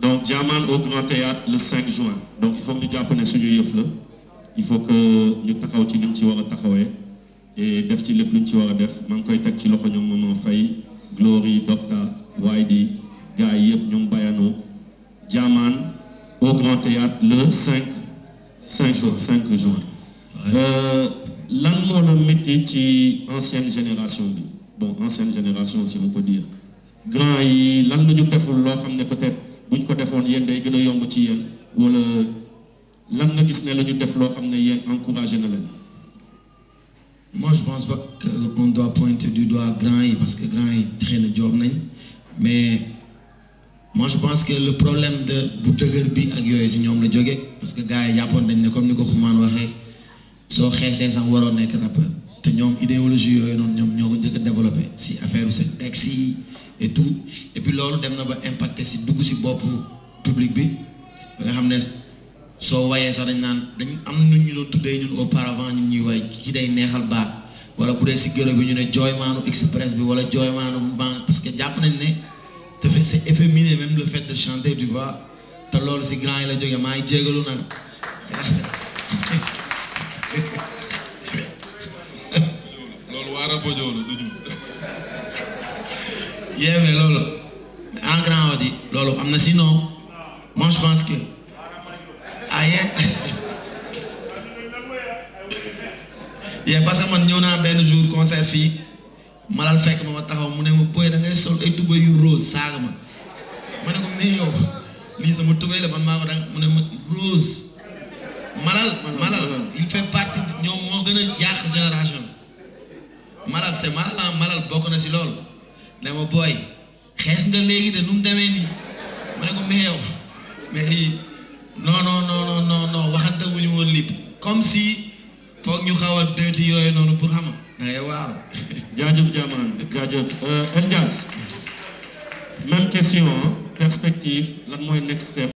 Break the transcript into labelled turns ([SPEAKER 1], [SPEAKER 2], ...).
[SPEAKER 1] donc Diamane au Grand Théâtre le 5 juin donc il faut que nous Japonais ce que nous il faut que nous nous ci ni mu ci et def nous nous lu ñu ci nous a def maa koy teg ci Glory Docteur, waaye Gaïeb, gars yi au Grand Théâtre le 5 5 juin 5 juin. Euh, lan le la ancienne génération bon ancienne génération si on peut dire grand l'année lan la ñu deful peut-être. gis ne la ñu def lo xamné yeen encourager encouragé na leen.
[SPEAKER 2] moi je pense pas que on doit pointer du doigt grand parce que grand yi très le job nañ mais moi je pense que le problème de bu dëgër bi ak yooyu si ñoom la joggé parce que gars yapon jàppoon nañ ne comme niko ko xumaan waxee soo xeesee sax waro nek rappeur té ñom idéologie yoy non ñom ñoko ko développer ci si affaire seen texte et tout et puis lolu dem na ba impacter si dugg ci bop public bi ba nga xamné soo wayee sax dañ naan dañ am nu ñu doon tuddee ñun auparavant ñun ñuy way ki day neexal baat wala bu dee si gërëm bi ñu ne jooymaanu express bi wala jooymaanu banque parce que jàpp nañ ne te c' est efféminé même le fait de chanter tu vois te l'or si grand yi la jógee maa ngi jégalu nag loolu waa Rapojo la du ñu. yéen en grand audi loolu am na sinon moi je pense que. ayɛ é, é pasa man ñëw naa benn jour concert fii malal fekk ma ma taxaw mu ne ma boy da ngay sol ay tubéy yu rose saaga ma ma ne ko mais yow lii sama tubéy la man maa ko da mu ne rose malal malal ele fez parte de um gën a yàq malal se malal malal bokk na si lool ne ma booy xees nga léegi de nu mu demee nii ma ne ko non non non non non waxante wu ñu woon lépp comme si foog ñu xaw a dëti yooyu noonu pour xam
[SPEAKER 1] da ngay waaru. jaajëf jaamaan jaajëf euh, El Diaz même question perspective lan mooy next step.